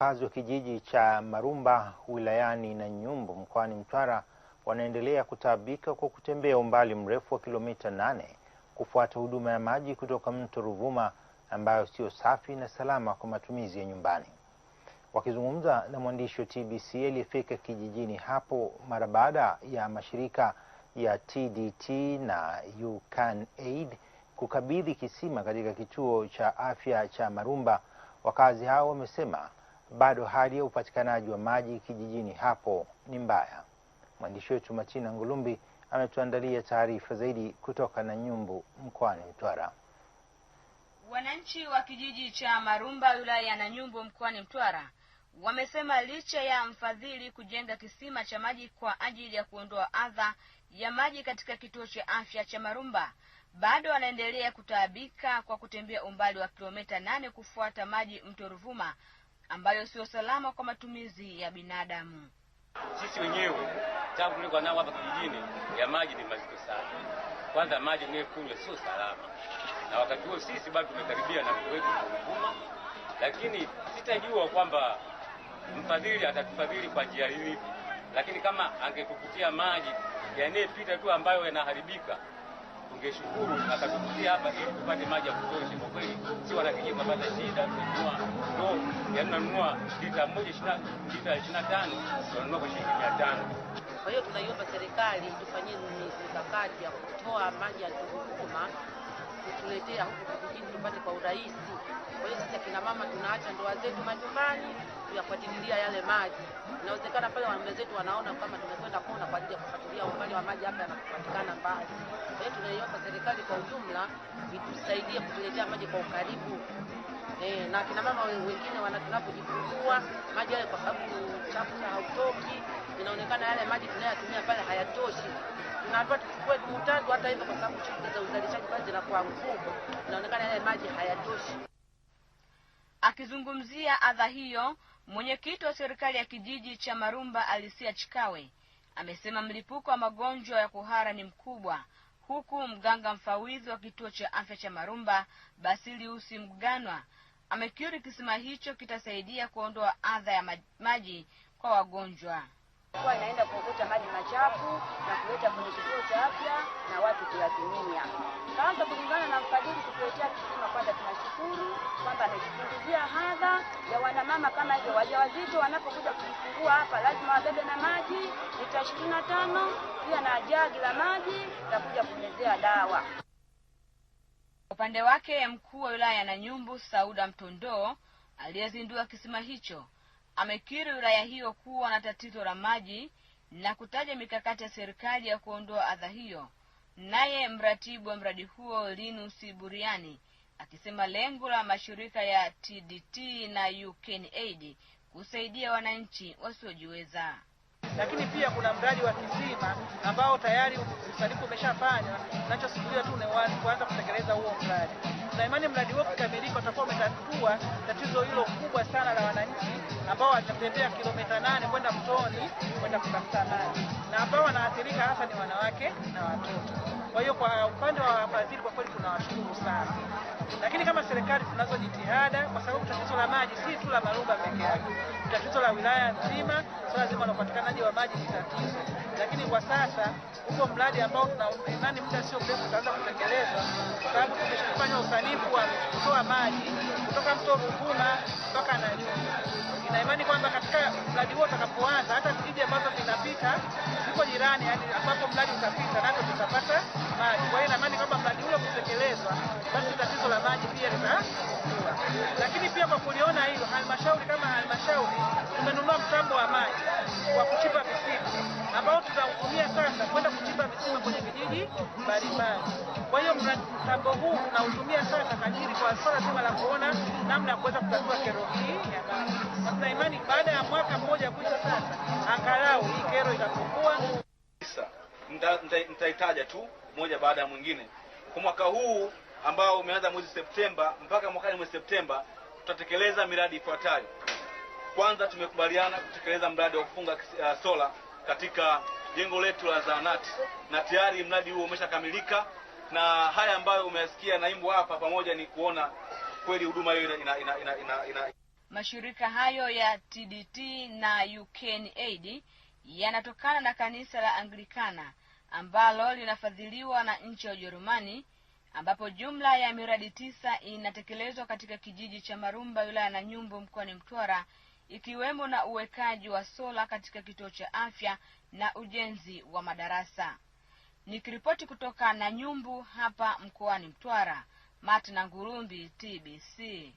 Wakazi wa kijiji cha Marumba wilayani na Nyumbu mkoani Mtwara wanaendelea kutaabika kwa kutembea umbali mrefu wa kilomita nane kufuata huduma ya maji kutoka mto Ruvuma ambayo sio safi na salama kwa matumizi ya nyumbani. Wakizungumza na mwandishi wa TBC aliyefika kijijini hapo mara baada ya mashirika ya TDT na YouCanAid kukabidhi kisima katika kituo cha afya cha Marumba, wakazi hao wamesema bado hali ya upatikanaji wa maji kijijini hapo ni mbaya. Mwandishi wetu Machina Ngulumbi ametuandalia taarifa zaidi kutoka na Nyumbu mkoani Mtwara. Wananchi wa kijiji cha Marumba wilaya ya Nanyumbu mkoani Mtwara wamesema licha ya mfadhili kujenga kisima cha maji kwa ajili ya kuondoa adha ya maji katika kituo cha afya cha Marumba, bado wanaendelea kutaabika kwa kutembea umbali wa kilomita nane kufuata maji mto Ruvuma ambayo sio salama kwa matumizi ya binadamu. Sisi wenyewe tangu tulikuwa nao hapa kijijini ya maji ni mazito sana. Kwanza maji kunywa sio salama, na wakati huo sisi bado tumekaribia na mto wetu Ruvuma, lakini sitajua kwamba mfadhili atatufadhili kwa njia hii, lakini kama angetukutia maji yanayepita tu ambayo yanaharibika tungeshukuru hata hapa ili tupate maji ya kutosha. Kwa kweli si wanakijiji tunapata shida, tunanunua ndoo, yaani tunanunua lita moja lita ishirini na tano tunanunua kwa shilingi mia tano. Kwa hiyo tunaiomba serikali tufanyie mikakati ya kutoa maji ya Tundukuma kutuletea huku kijijini tupate kwa urahisi. Kwa hiyo mama tunaacha ndoa zetu majumbani kuyafuatilia yale maji. Inawezekana pale wazee zetu wanaona kama tumekwenda kuona kwa ajili ya kufuatilia umbali wa maji hapa yanapatikana mbali. Kwa hiyo tunaiomba serikali kwa ujumla itusaidie kutuletea maji kwa ukaribu. E, na kina mama wengine tunapojifungua maji yale, kwa sababu chafu cha hautoki, inaonekana yale maji tunayotumia pale hayatoshi tunaambiwa tuchukue dumu tatu hata hivyo, kwa sababu shughuli za uzalishaji pale zinakuwa kubwa, inaonekana yale maji hayatoshi. Akizungumzia adha hiyo, mwenyekiti wa serikali ya kijiji cha Marumba Alisia Chikawe amesema mlipuko wa magonjwa ya kuhara ni mkubwa, huku mganga mfawidhi wa kituo cha afya cha Marumba Basiliusi Mganwa amekiri kisima hicho kitasaidia kuondoa adha ya maji kwa wagonjwa. Kwa kuleta kwenye kituo cha afya na watu kuyatumia. Kwanza kulingana na mfadhili kutuletea kisima, kwanza tunashukuru kwamba amekipunguzia hadha ya wanamama kama hivyo wajawazito wanapokuja kujifungua hapa lazima wabebe na maji lita ishirini na tano pia na jagi la maji na kuja kumezea dawa. Upande wake mkuu wa wilaya ya Nanyumbu Sauda mtondo aliyezindua kisima hicho amekiri wilaya hiyo kuwa na tatizo la maji na kutaja mikakati ya serikali ya kuondoa adha hiyo. Naye mratibu wa mradi huo Linus Buriani akisema lengo la mashirika ya TDT na UKNAID kusaidia wananchi wasiojiweza. Lakini pia kuna mradi wa kisima ambao tayari usaliku umeshafanywa, tunachosubiriwa tu ni kuanza kutekeleza huo mradi. naimani mradi huo kikamilika utakuwa umetatua tatizo hilo kubwa sana la ambao wanatembea kilomita nane kwenda mtoni kwenda kutafuta maji, na ambao wanaathirika hasa ni wanawake na watoto. Kwa hiyo kwa upande wa wafadhili kwa kweli tunawashukuru sana, lakini kama serikali tunazo jitihada, kwa sababu tatizo la maji si tu la Maruba peke yake tatizo la wilaya nzima, swala zima la upatikanaji wa maji ni tatizo, lakini kwa sasa huko mradi ambao imani muda sio mrefu utaanza kutekelezwa, kwa sababu tumeshafanya usanifu wa kutoa maji kutoka mto Ruvuma mpaka Nanyumbu. Inaimani kwamba katika mradi huo utakapoanza, hata vijiji ambavyo vinapita viko jirani, yani ambapo mradi utapita nazo tutapata maji. Kwa hiyo imani kwamba mradi ule kutekelezwa, basi tatizo la maji pia lita lakini pia kwa kuliona hilo, halmashauri kama halmashauri tumenunua mtambo wa maji wa kuchimba visima ambao tutautumia sasa kwenda kuchimba visima kwenye vijiji mbalimbali. Kwa hiyo mtambo huu tunautumia sasa kajiri kwa swala zima la kuona namna ya kuweza kutatua kero hii ya maji, na imani baada ya mwaka mmoja kuisha sasa, angalau hii kero itapungua. Nitaitaja tu moja baada ya mwingine kwa mwaka huu ambao umeanza mwezi Septemba mpaka mwakani mwezi Septemba tutatekeleza miradi ifuatayo. Kwanza, tumekubaliana kutekeleza mradi wa kufunga uh, sola katika jengo letu la zahanati na tayari mradi huo umeshakamilika, na haya ambayo umeyasikia naibu hapa pamoja ni kuona kweli huduma hiyo ina, ina, ina, ina, ina. Mashirika hayo ya TDT na UKNAID yanatokana na kanisa la Anglikana ambalo linafadhiliwa na nchi ya Ujerumani ambapo jumla ya miradi tisa inatekelezwa katika kijiji cha Marumba wilaya na Nyumbu mkoani Mtwara ikiwemo na uwekaji wa sola katika kituo cha afya na ujenzi wa madarasa. Nikiripoti kutoka Nanyumbu hapa mkoani Mtwara, Martina Ngurumbi, TBC.